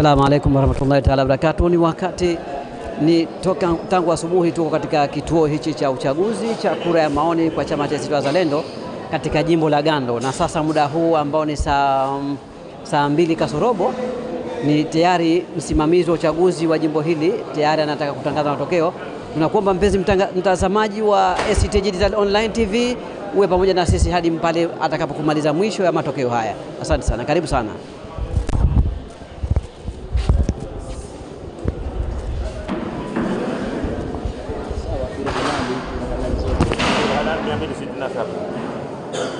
Assalamu alaikum warahmatullahi taala wabarakatuh. Ni wakati ni toka tangu asubuhi tuko katika kituo hichi cha uchaguzi cha kura ya maoni kwa chama cha ACT Wazalendo katika jimbo la Gando, na sasa muda huu ambao ni saa, mm, saa mbili kasorobo ni tayari msimamizi wa uchaguzi wa jimbo hili tayari anataka kutangaza matokeo. Tunakuomba mpenzi mtazamaji wa ACT Digital Online TV uwe pamoja na sisi hadi pale atakapokumaliza mwisho ya matokeo haya. Asante sana, karibu sana. 多分。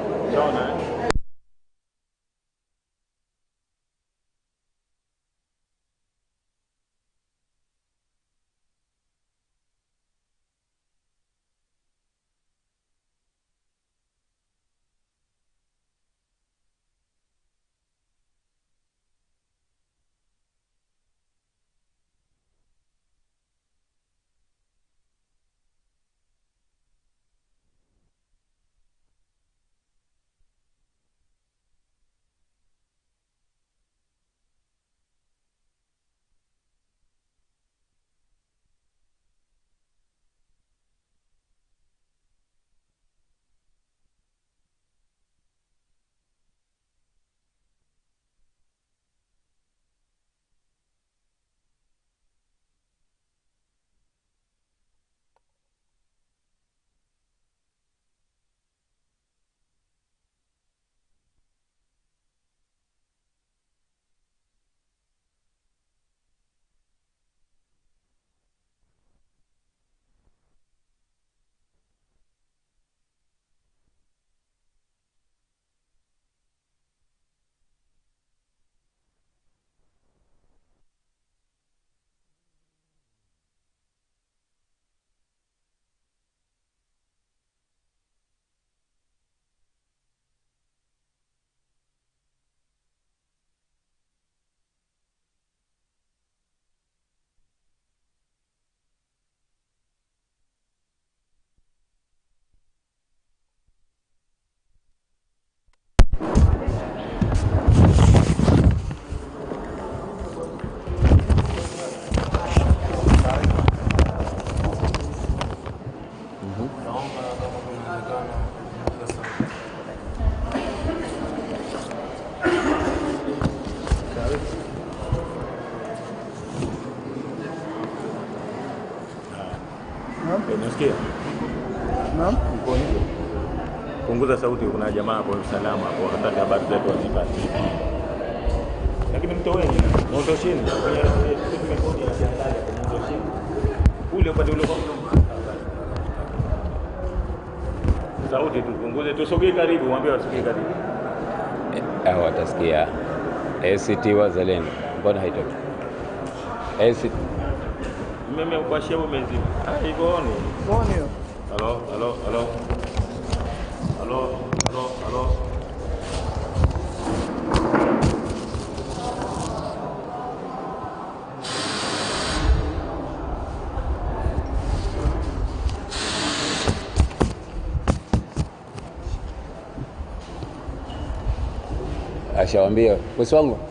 Ciao, ne? sauti, kuna jamaa kwa usalama hapo wanataka habari zetu wazipate, lakini mtoweni Mondo chini ule upande ule sauti tupunguze, tusogee karibu, mwambie wasogee karibu, hao eh, watasikia. ACT Wazalendo, mbona haitoki? ACT mimi kwa shebu mezima ah, hivyo ni halo halo halo alô, alô, alô. Ashawambia, bosi wangu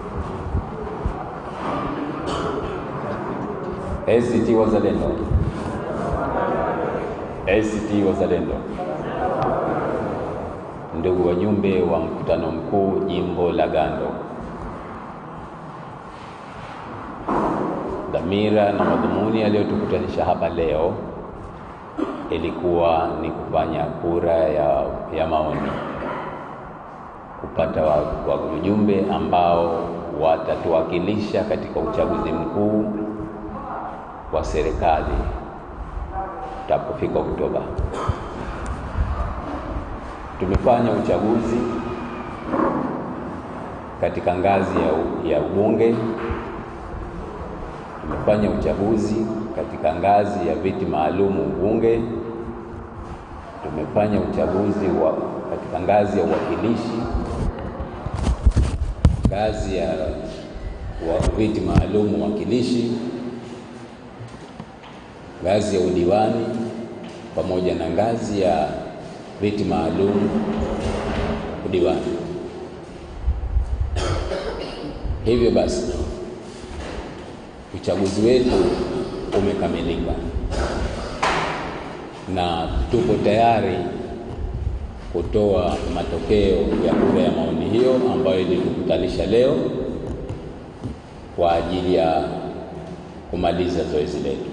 ACT Wazalendo, ACT Wazalendo, ndugu wajumbe wa mkutano mkuu jimbo la Gando, dhamira na madhumuni yaliyotukutanisha hapa leo ilikuwa ni kufanya kura ya, ya maoni kupata wajumbe ambao watatuwakilisha katika uchaguzi mkuu wa serikali tapofika Oktoba. Tumefanya uchaguzi katika ngazi ya, ya ubunge, tumefanya uchaguzi katika ngazi ya viti maalumu ubunge, tumefanya uchaguzi wa katika ngazi ya uwakilishi, ngazi ya wa viti maalumu uwakilishi ngazi ya udiwani pamoja na ngazi ya viti maalum udiwani. Hivyo basi uchaguzi wetu umekamilika na tupo tayari kutoa matokeo ya kura ya maoni hiyo ambayo ilitukutanisha leo kwa ajili ya kumaliza zoezi letu.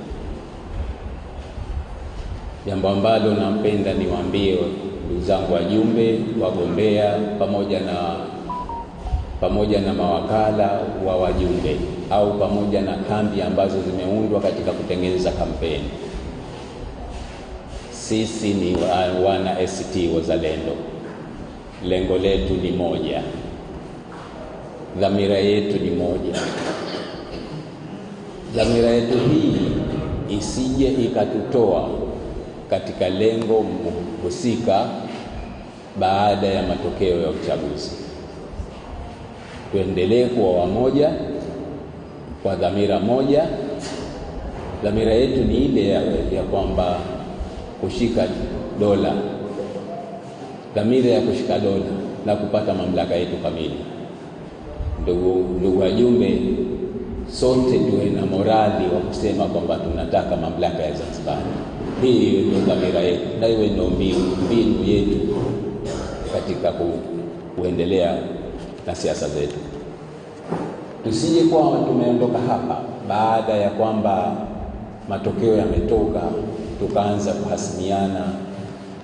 Jambo ambalo napenda niwaambie ndugu zangu wajumbe, wagombea, pamoja na pamoja na mawakala wa wajumbe au pamoja na kambi ambazo zimeundwa katika kutengeneza kampeni. Sisi ni wana ACT Wazalendo, lengo letu ni moja, dhamira yetu ni moja. Dhamira yetu hii isije ikatutoa katika lengo husika baada ya matokeo ya uchaguzi. Tuendelee kuwa wamoja kwa dhamira moja. Dhamira yetu ni ile ya, ya kwamba kushika dola, dhamira ya kushika dola na kupata mamlaka yetu kamili. Ndugu ndugu wajumbe sote tuwe na morali wa kusema kwamba tunataka mamlaka ya Zanzibar. Hii ndio dhamira yetu na iwe ndio mbinu yetu katika kuendelea na siasa zetu. Tusije kuwa tumeondoka hapa baada ya kwamba matokeo yametoka, tukaanza kuhasimiana,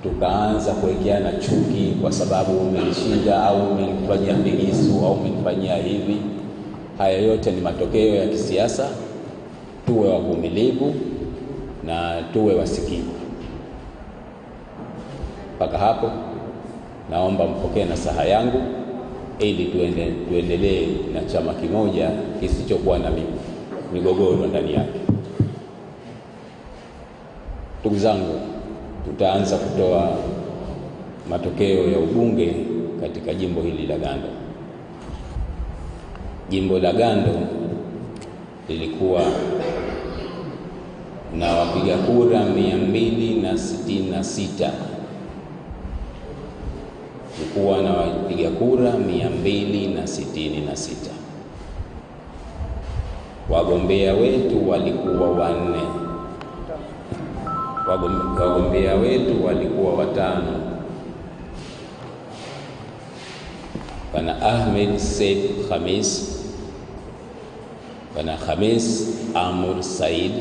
tukaanza kuwekeana chuki kwa sababu umenishinda au umenifanyia vigisu au umenifanyia hivi. Haya yote ni matokeo ya kisiasa. Tuwe wavumilivu na tuwe wasikivu. Mpaka hapo, naomba mpokee nasaha yangu ili tuende, tuendelee na chama kimoja kisichokuwa na migogoro ndani yake. Ndugu zangu, tutaanza kutoa matokeo ya ubunge katika jimbo hili la Gando. Jimbo la Gando lilikuwa na wapiga kura 266 likuwa na wapiga kura na na sitini sita Wagombea wetu walikuwa wanne, wagombea wetu walikuwa watano. Bwana Ahmed Said Khamis Bwana Khamis Amur Said,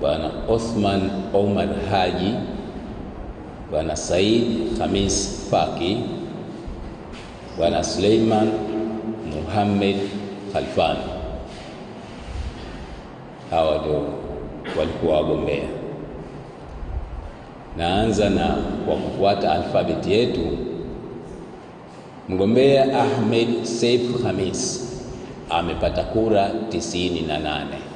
Bwana Othman Omar Haji, Bwana Said Khamis Faki, Bwana Suleiman Muhammad Khalfan. Hawa ndio walikuwa wagombea. Naanza na kwa kufuata alfabeti yetu, mgombea Ahmed Saif Khamis amepata kura 98.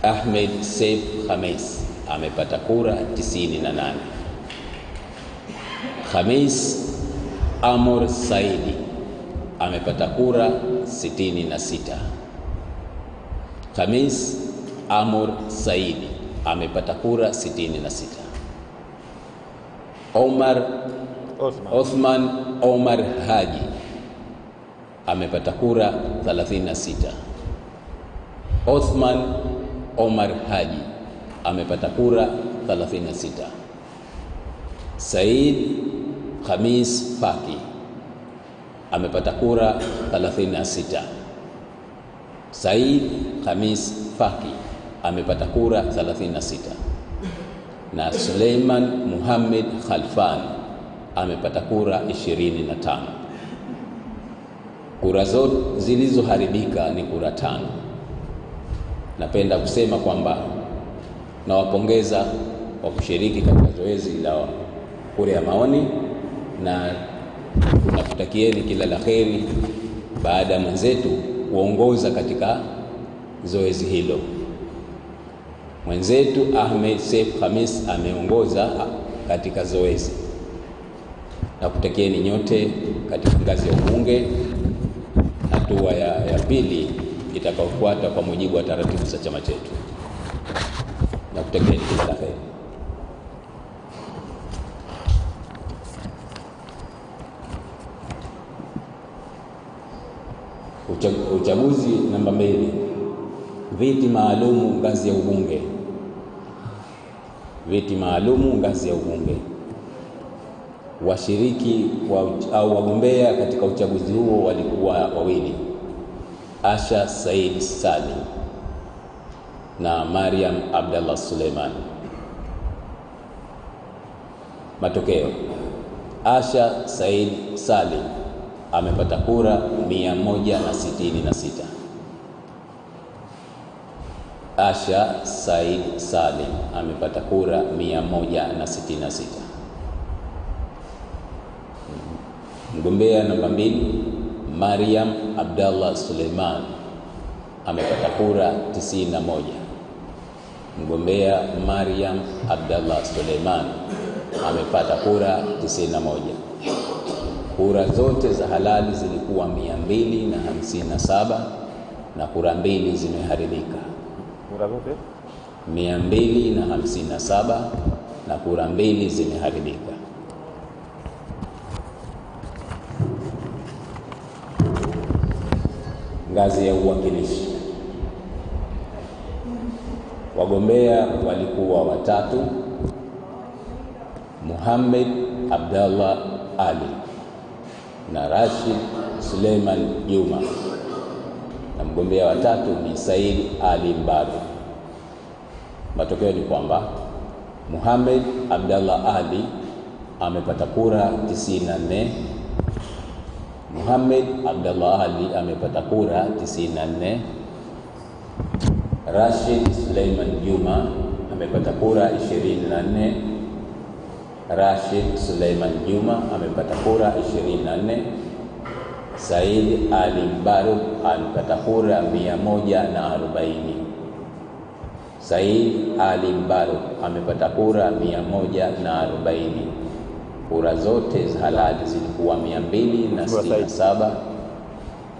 Ahmed Seif Khamis amepata kura 98. Khamis Amor Saidi amepata kura 66. Khamis Amor Saidi amepata kura 66. Omar Osman Omar Haji amepata kura 36. Othman Omar Haji amepata kura 36. Said Khamis Faki amepata kura 36. Said Khamis Faki amepata kura 36 na Suleiman Muhammad Khalfan amepata kura 25. Kura zote zilizoharibika ni kura tano. Napenda kusema kwamba nawapongeza kwa kushiriki katika zoezi la kura ya maoni na tunakutakieni kila la kheri baada ya mwenzetu kuongoza katika zoezi hilo. Mwenzetu Ahmed Saif Khamis ameongoza katika zoezi. Nakutakieni nyote katika ngazi ya ubunge hatua ya, ya pili itakayofuata kwa mujibu wa taratibu za chama chetu, na kutekeleza kila la heri. Uchaguzi namba mbili, viti maalumu ngazi ya ubunge, viti maalumu ngazi ya ubunge washiriki wa, au wagombea katika uchaguzi huo walikuwa wawili, Asha Said Sali na Mariam Abdallah Suleiman. Matokeo, Asha Said salim amepata kura 166. Asha Said salim amepata kura 166. Mgombea namba mbili Mariam Abdallah Suleiman amepata kura 91. Mgombea Mariam Abdallah Suleiman amepata kura 91. Kura zote za halali zilikuwa 257 na kura mbili zimeharibika. Kura zote 257 na kura mbili zimeharibika. ngazi ya uwakilishi. Wagombea walikuwa watatu: Muhammad Abdallah Ali na Rashid Suleiman Juma, na mgombea wa tatu ni Said Ali Mbadu. Matokeo ni kwamba Muhammad Abdallah Ali amepata kura 94 Muhammad Abdullah Ali amepata kura 94. Rashid Suleiman Juma amepata kura 24. Rashid Suleiman Juma amepata kura 24. Said Ali Baruk amepata kura 140. Said Ali Baruk amepata kura 140 kura zote za halali zilikuwa 267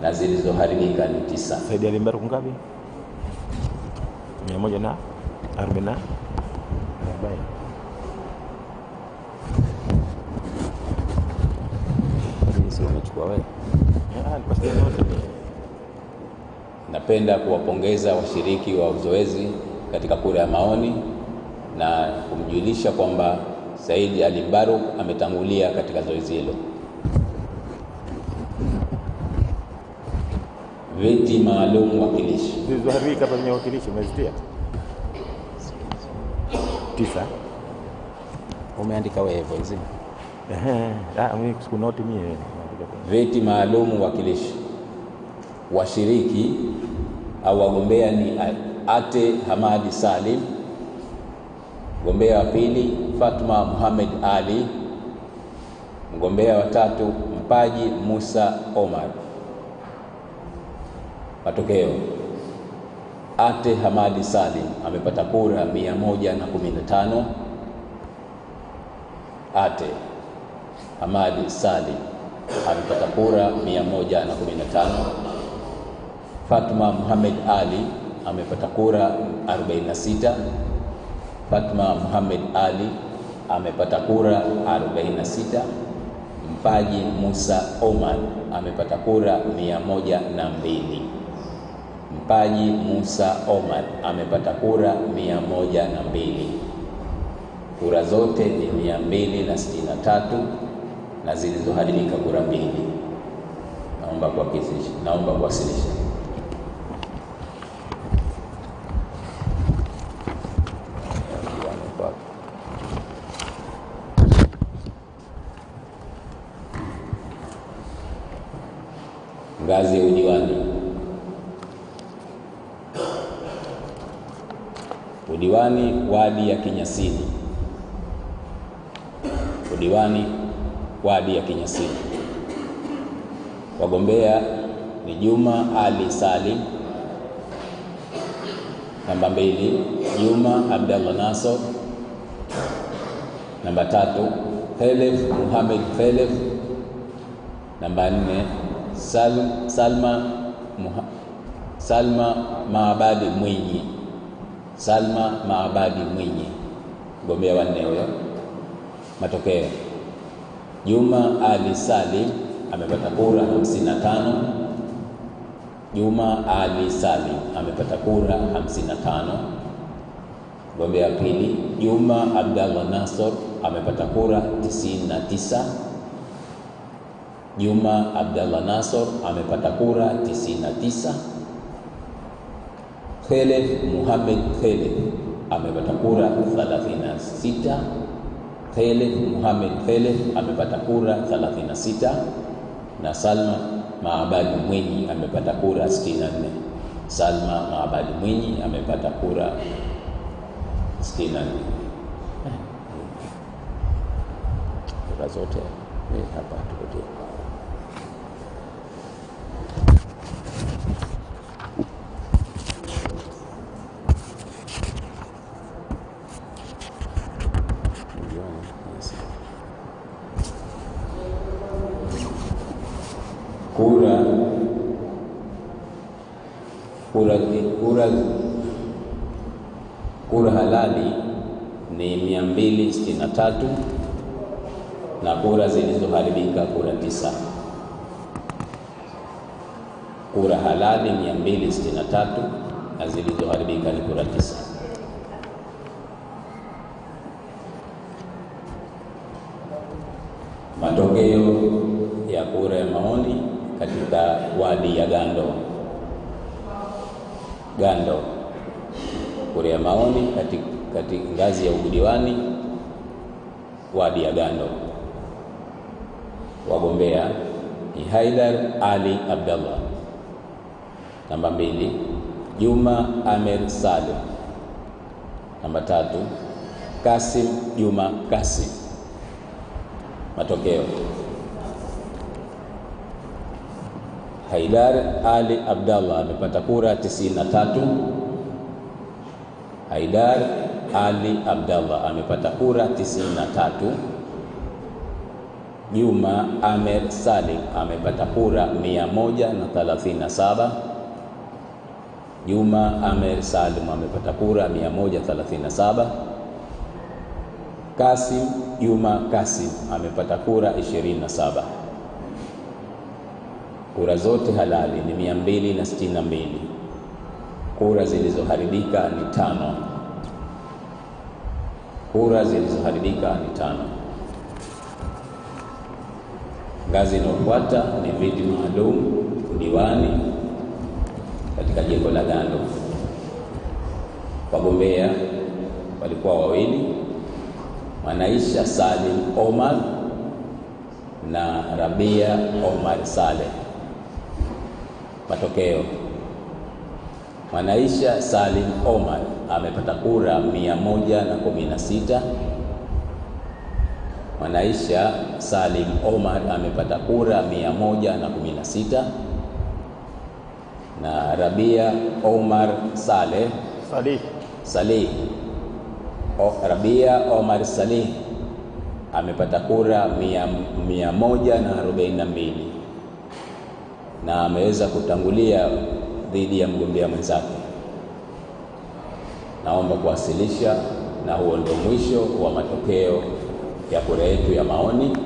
na zilizoharibika ni tisa. Saidi Alimbaru kungapi? 140 ah, Napenda kuwapongeza washiriki wa uzoezi katika kura ya maoni na kumjulisha kwamba Said Ali Baruk ametangulia katika zoezi hilo. Viti maalum wakilishi zilizoharika hapa wakilishi umezitia tisa, umeandika wewe hivyo hizi ah, sikunoti mie. Viti maalum wakilishi washiriki au wagombea ni Ate Hamadi Salim, gombea wa pili Fatma Muhammad Ali, mgombea wa tatu Mpaji Musa Omar. Matokeo, Ate Hamadi Salim amepata kura 115. Ate Hamadi Salim amepata kura 115. Fatma Muhammad Ali amepata kura 46. Fatma Muhammad Ali amepata kura 46. Mpaji Musa omar amepata kura 102. Mpaji Musa omar amepata kura 102. Kura zote ni 263 na zilizoharibika kura mbili. Naomba kuwasilisha. wadi ya Kinyasini, udiwani wadi ya Kinyasini. Wagombea ni Juma Ali Salim namba mbili, Juma Abdallah Naso namba tatu, helef Muhamed helef namba nne, Sal, Salma, Muha, Salma Maabadi Mwinyi Salma Maabadi Mwinyi, mgombea wanne huyo. Matokeo, Juma Ali Salim amepata kura 55. Juma Ali Salim amepata kura 55. Mgombea pili, Juma Abdallah Nasor amepata kura 99. Juma Abdallah Nasor amepata kura 99. Khelef Muhammad Khelef amepata kura 36. Khelef Muhammad Khelef amepata kura 36 na Salma Maabadi Mwinyi amepata kura 64. Salma Maabadi Mwinyi amepata kura 64 kura zote eh, hapa tukutie tatu na kura zilizoharibika kura tisa. Kura halali 263 na zilizoharibika ni kura tisa. Matokeo ya kura ya maoni katika wadi ya Gando. Gando, kura ya maoni katika ngazi ya udiwani Wadi ya Gando. Wagombea ni Haidar Ali Abdallah, namba mbili Juma Amer Salim, namba tatu Kasim Juma Kasim. Matokeo: Haidar Ali Abdallah amepata kura 93, Haidar ali Abdallah amepata kura 93. Juma Amer Salim amepata kura 137. Juma Amer Salim amepata kura 137. Kasim Juma Kasim amepata kura 27. Kura zote halali ni 262. Kura zilizoharibika ni tano. Kura zilizoharibika ni tano. Ngazi inayofuata ni viti maalum diwani katika jimbo la Gando. Wagombea walikuwa wawili, Mwanaisha Salim Omar na Rabia Omar Saleh. Matokeo, Mwanaisha Salim Omar amepata kura 116. Mwanaisha Salim Omar amepata kura 116 na Rabia Omar Saleh Salih, Salih. O, Rabia Omar Salih amepata kura 142 na ameweza kutangulia dhidi ya mgombea mwenzake naomba kuwasilisha, na huo ndio mwisho wa matokeo ya kura yetu ya maoni,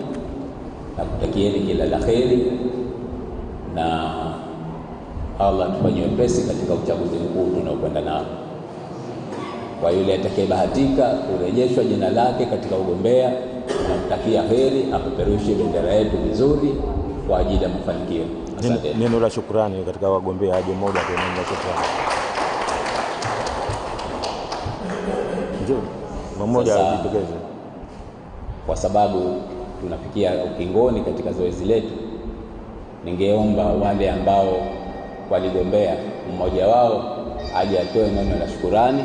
na kutakieni kila la kheri, na Allah tufanye wepesi katika uchaguzi mkuu tunaokwenda nao. Kwa yule atakayebahatika kurejeshwa jina lake katika ugombea, tunamtakia heri, apeperushe bendera yetu vizuri kwa ajili ya mafanikio. Neno la shukrani katika wagombea aje moja kwa moja. mmoja ajitokeze, kwa sababu tunafikia ukingoni katika zoezi letu. Ningeomba wale ambao waligombea, mmoja wao aje atoe neno la shukurani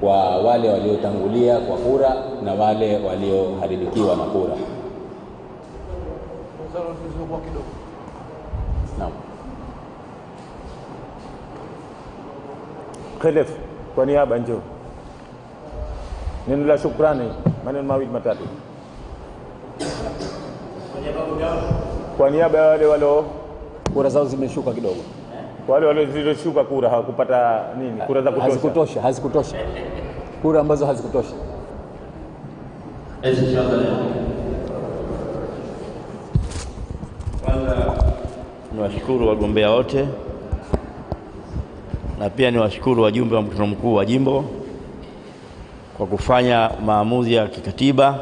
kwa wale waliotangulia kwa kura na wale walioharibikiwa na kura. kwa niaba njoo. Neno la shukrani, maneno mawili matatu, kwa niaba ya wale walio kura zao zimeshuka kidogo, wale walioziloshuka kura hawakupata nini, kura za kutosha, hazikutosha, hazikutosha kura ambazo hazikutosha. Niwashukuru wagombea wote na pia niwashukuru wajumbe wa mkutano mkuu wa jimbo kwa kufanya maamuzi ya kikatiba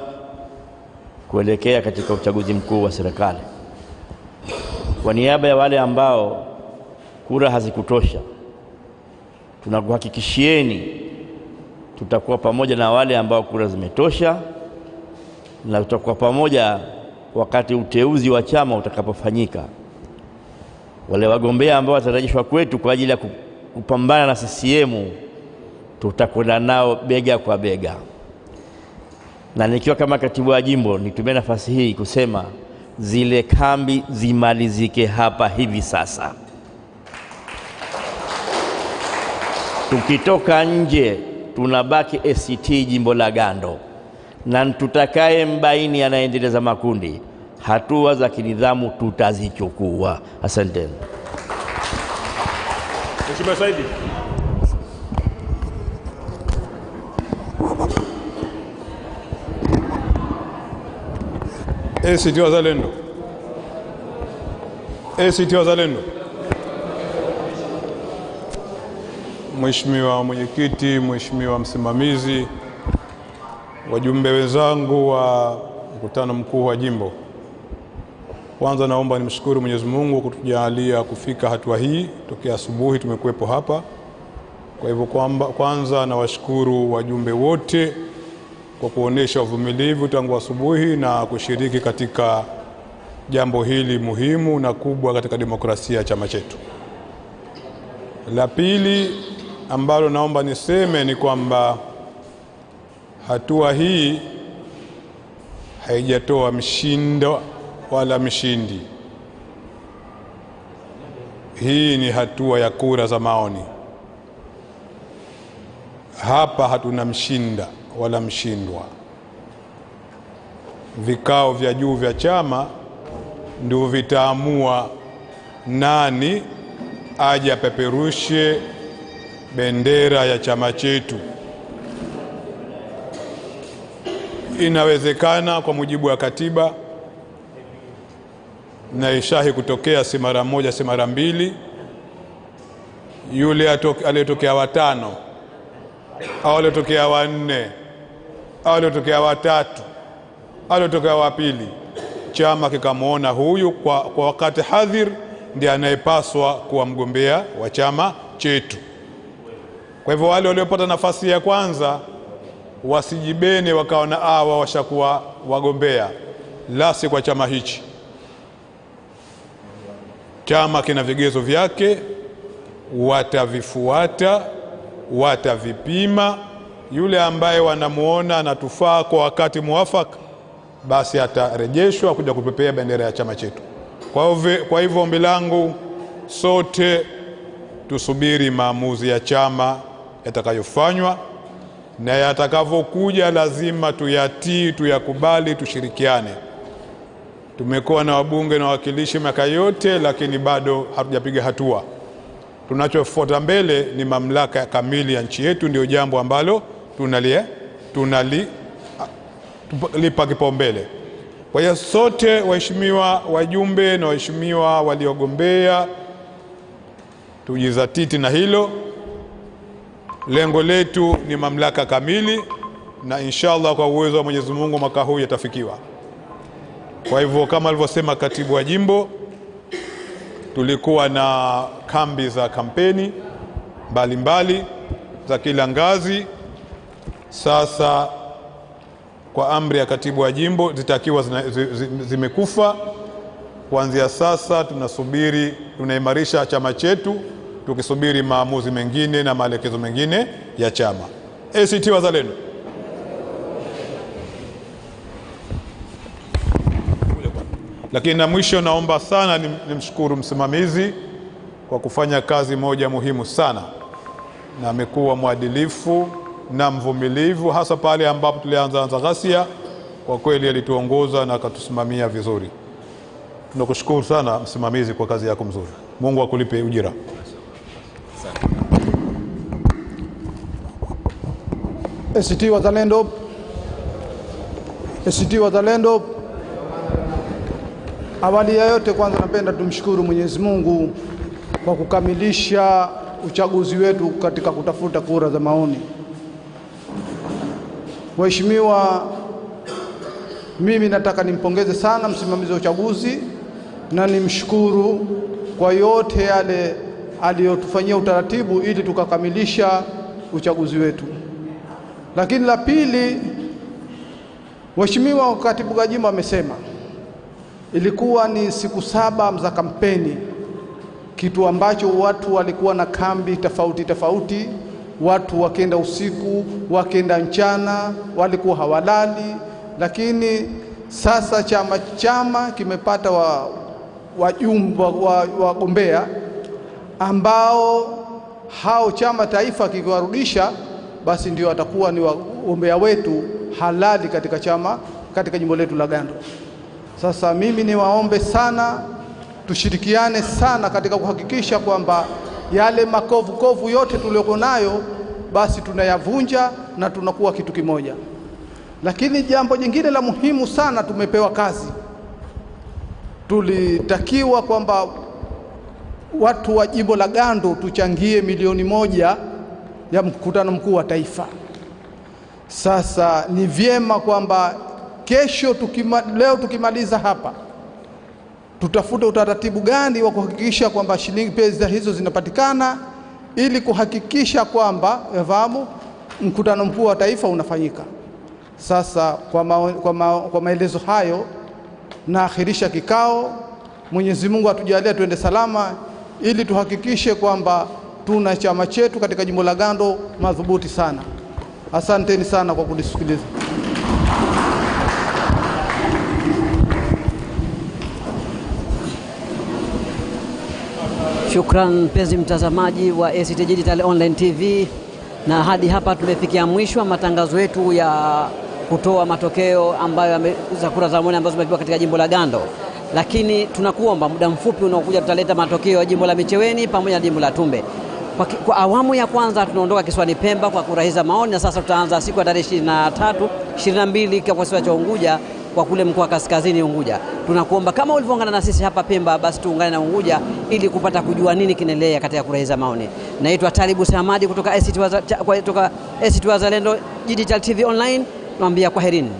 kuelekea katika uchaguzi mkuu wa serikali. Kwa niaba ya wale ambao kura hazikutosha, tunakuhakikishieni tutakuwa pamoja na wale ambao kura zimetosha, na tutakuwa pamoja wakati uteuzi wa chama utakapofanyika. Wale wagombea ambao watarajishwa kwetu kwa ajili ya kupambana na CCM tutakwenda nao bega kwa bega. Na nikiwa kama katibu wa jimbo, nitumie nafasi hii kusema zile kambi zimalizike hapa hivi sasa. Tukitoka nje tunabaki ACT jimbo la Gando, na tutakaye mbaini anaendeleza makundi, hatua za kinidhamu tutazichukua. Asanteni Mheshimiwa Saidi. ACT eh, Wazalendo, ACT eh, Wazalendo. Mheshimiwa Mwenyekiti, Mheshimiwa Msimamizi, wajumbe wenzangu wa mkutano mkuu wa jimbo, kwanza naomba nimshukuru Mwenyezi Mungu kutujalia kufika hatua hii. Tokea asubuhi tumekuwepo hapa, kwa hivyo kwanza nawashukuru wajumbe wote kwa kuonesha uvumilivu tangu asubuhi na kushiriki katika jambo hili muhimu na kubwa katika demokrasia ya chama chetu. La pili ambalo naomba niseme ni kwamba hatua hii haijatoa mshindo wala mshindi. Hii ni hatua ya kura za maoni. Hapa hatuna mshinda wala mshindwa. Vikao vya juu vya chama ndio vitaamua nani aje apeperushe bendera ya chama chetu. Inawezekana kwa mujibu wa katiba, na ishahi kutokea si mara moja, si mara mbili, yule aliyetokea watano au aliyetokea wanne aliotokea watatu, aliotokea wa pili, chama kikamwona huyu kwa, kwa wakati hadhir ndiye anayepaswa kuwa mgombea wa chama chetu. Kwa hivyo wale waliopata nafasi ya kwanza wasijibene wakaona awa ah, washakuwa wagombea, la si kwa chama hichi. Chama kina vigezo vyake, watavifuata watavipima yule ambaye wanamuona anatufaa kwa wakati muwafaka, basi atarejeshwa kuja kupepea bendera ya chama chetu. Kwa hivyo, ombi langu sote tusubiri maamuzi ya chama yatakayofanywa na yatakavyokuja, lazima tuyatii, tuyakubali, tushirikiane. Tumekuwa na wabunge na wawakilishi miaka yote, lakini bado hatujapiga hatua. Tunachofuata mbele ni mamlaka kamili ya nchi yetu, ndio jambo ambalo tunalie tunali, kipaumbele. Kwa hiyo sote, waheshimiwa wajumbe na waheshimiwa waliogombea, tujizatiti na hilo. Lengo letu ni mamlaka kamili, na inshallah kwa uwezo wa Mwenyezi Mungu mwaka huu yatafikiwa. Kwa hivyo kama alivyosema katibu wa jimbo, tulikuwa na kambi za kampeni mbalimbali mbali, za kila ngazi sasa kwa amri ya katibu wa jimbo zitakiwa zimekufa kuanzia sasa. Tunasubiri, tunaimarisha chama chetu tukisubiri maamuzi mengine na maelekezo mengine ya chama. ACT Wazalendo lakini na mwisho, naomba sana nimshukuru msimamizi kwa kufanya kazi moja muhimu sana, na amekuwa mwadilifu na mvumilivu, hasa pale ambapo tulianza anza ghasia. Kwa kweli alituongoza na akatusimamia vizuri. Tunakushukuru sana msimamizi kwa kazi yako mzuri. Mungu akulipe ujira. ACT Wazalendo, ACT Wazalendo. Awali ya yote, kwanza napenda tumshukuru Mwenyezi Mungu kwa kukamilisha uchaguzi wetu katika kutafuta kura za maoni. Mheshimiwa, mimi nataka nimpongeze sana msimamizi wa uchaguzi na nimshukuru kwa yote yale aliyotufanyia utaratibu ili tukakamilisha uchaguzi wetu. Lakini la pili, Mheshimiwa Katibu Gajimba amesema ilikuwa ni siku saba za kampeni, kitu ambacho watu walikuwa na kambi tofauti tofauti watu wakenda usiku, wakenda mchana, walikuwa hawalali. Lakini sasa chama chama kimepata wajumba wagombea wa, wa ambao hao chama taifa kikiwarudisha, basi ndio watakuwa ni wagombea wetu halali katika chama katika jimbo letu la Gando. Sasa mimi niwaombe sana, tushirikiane sana katika kuhakikisha kwamba yale makovukovu yote tuliyoko nayo, basi tunayavunja na tunakuwa kitu kimoja. Lakini jambo jingine la muhimu sana, tumepewa kazi, tulitakiwa kwamba watu wa jimbo la Gando tuchangie milioni moja ya mkutano mkuu wa taifa. Sasa ni vyema kwamba kesho tukima, leo tukimaliza hapa tutafute utaratibu gani wa kuhakikisha kwamba shilingi pesa hizo zinapatikana ili kuhakikisha kwamba fahamu mkutano mkuu wa taifa unafanyika. Sasa kwa, ma, kwa, ma, kwa maelezo hayo naakhirisha kikao. Mwenyezi Mungu atujalie tuende salama, ili tuhakikishe kwamba tuna chama chetu katika jimbo la Gando madhubuti sana. Asanteni sana kwa kunisikiliza. Shukran mpenzi mtazamaji wa ACT Digital Online TV, na hadi hapa tumefikia mwisho matangazo yetu ya kutoa matokeo ambayo za kura za maoni ambazo zimepigwa katika jimbo la Gando, lakini tunakuomba muda mfupi unaokuja tutaleta matokeo ya jimbo la Micheweni pamoja na jimbo la Tumbe. Kwa, kwa awamu ya kwanza tunaondoka kisiwani Pemba kwa kura hizi za maoni, na sasa tutaanza siku ya tarehe 23 22 kwa kisiwa cha Unguja kwa kule mkoa wa kaskazini Unguja. Tunakuomba kama ulivyoungana na sisi hapa Pemba, basi tuungane na Unguja ili kupata kujua nini kinaendelea katika kura za maoni. Naitwa talibu Samadi kutoka ACT Wazalendo Digital TV Online, tunaambia kwaherini.